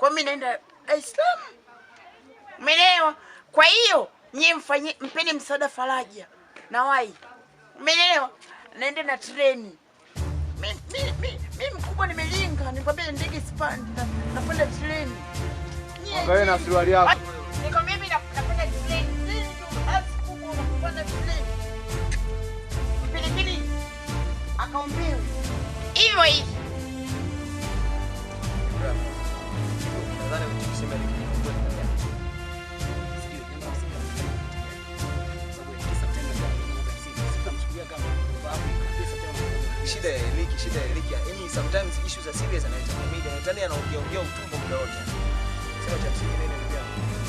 kwa mimi naenda Dar es Salaam. Umeelewa? Kwa hiyo nyie mfanye mpeni msaada Faraja na wai, umeelewa? Naenda na treni mimi mkubwa, nimelinga nikwambia ndege sipandi, kwenda treni. Wewe na suruali yako niko mimi napanda treni, hasa kubwa napanda treni pilipili Akaombea. hivyo hivi kusema hivi shida ya Eliki, shida ya Eliki. Yaani sometimes issues are serious and it's media. Yaani anaongea ongea utumbo muda wote. Sema cha msingi nini ndugu yangu?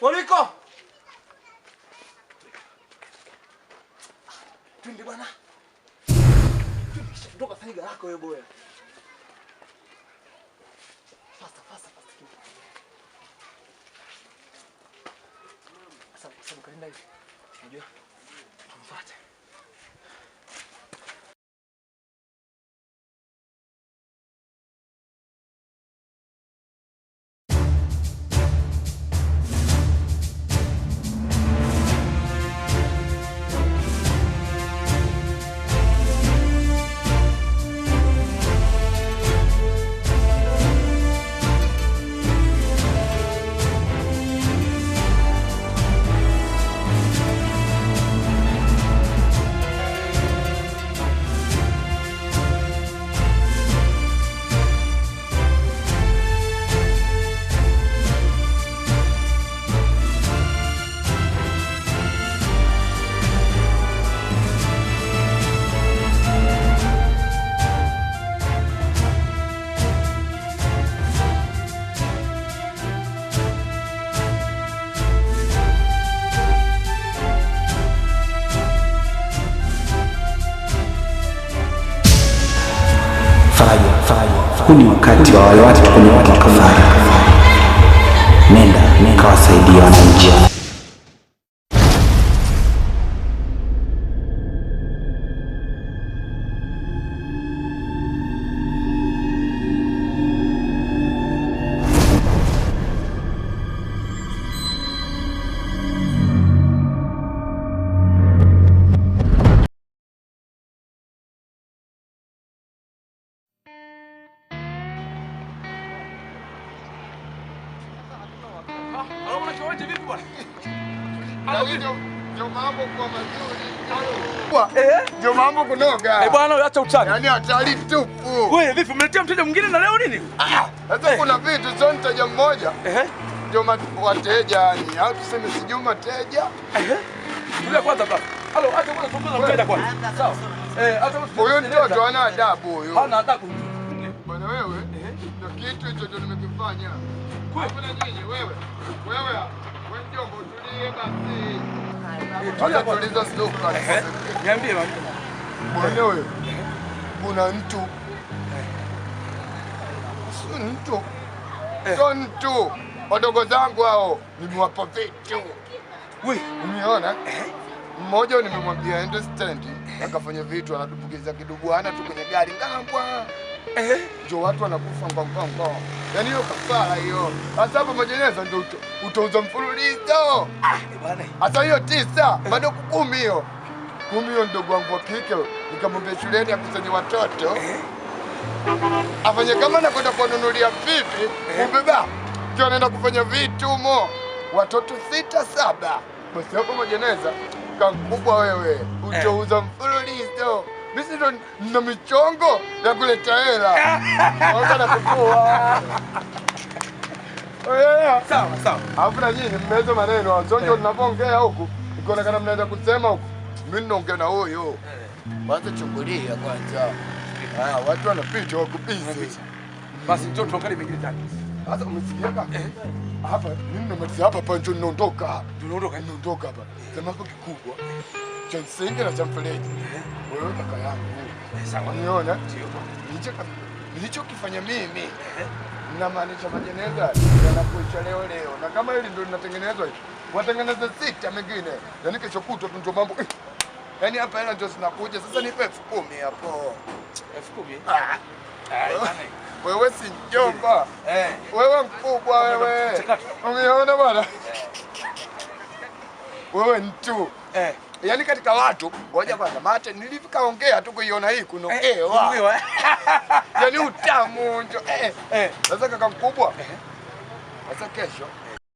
머리 꺼! Tuli m w a n a Tuli, ndoka sasa ni garako w e boya. 来，同军。kati wa wale watu kumi wakafari. Nenda kawasaidia wananchi. Unaelewa? Eh? Ndio mambo kunoga. Eh, bwana acha utani. Yaani hatari tupu. Wewe vipi umeletea mteja mwingine na leo nini? Ah, sasa eh. kuna vitu sio mteja mmoja. Eh? Ndio wateja yani. Au tuseme sijui mateja. Eh? Tulia kwanza baba. Halo, acha kwanza tumbuza mteja kwanza. Sawa. Eh, acha Huyo ndio ana adabu huyo. Hana adabu. Bwana wewe, eh. ndio kitu hicho ndio nimekifanya. Kwani nyinyi wewe? Wewe, wewe ndio utulie basi tutatuliza niambie mwenyewe. Kuna mtu sio mtu eh. sio mtu, wadogo zangu hao nimewapa vitu umeona mmoja nimemwambia ende akafanya vitu, kidugu kiduguana tu kwenye gari ngambwa eh, ndio watu wanakufa ngwangwangwa, yaani hiyo kafara hiyo. Sasa hapo majeneza ndio utauza mfululizo. Sasa ah, hiyo tisa bado kumi hiyo kumi hiyo, ndugu wangu wa kike nikamwambia shuleni akusanye watoto eh? afanye kama nakwenda kuwanunulia vipi, eh? ubeba ndio anaenda kufanya vitu mo watoto sita saba. Basi hapo majeneza kankubwa wewe, eh. utauza mfululizo mimi ndo na michongo ya kuleta hela. Wacha nakukua. Oya. Eh, sawa sawa. Alafu na nyinyi mmezo maneno, wazonjo tunavyoongea eh. huku, ikionekana mnaanza kusema huku. Mimi naongea na huyo. Kwanza eh. chungulia kwanza. Ah, watu wanapita wako busy. Basi njoo tuangalie mengine tani. Sasa umesikia kaka? Hapa mimi ndo hapa panjo njoo ninaondoka. Tunaondoka, ninaondoka hapa. Sema kwa kikubwa cha msingi na cha mfereji. Wewe kaka yangu, sawa? Niona nilichokifanya mimi namaanisha majeneza yanakuisha leo leo, na kama hili ndio linatengenezwa hivi, watengeneze sita mengine, yaani kesho kutwa tu ndio mambo yaani hapa hela ndio zinakuja sasa. Nipe elfu kumi hapo, elfu kumi ah. wewe si mjomba, eh. wewe mkubwa, wewe uniona bwana, eh. wewe mtu eh yani katika watu waja kwanza mate nilivikaongea tu kuiona hii kunokewa eh, yani utamu njo sasa eh, eh. eh. Kaka mkubwa sasa kesho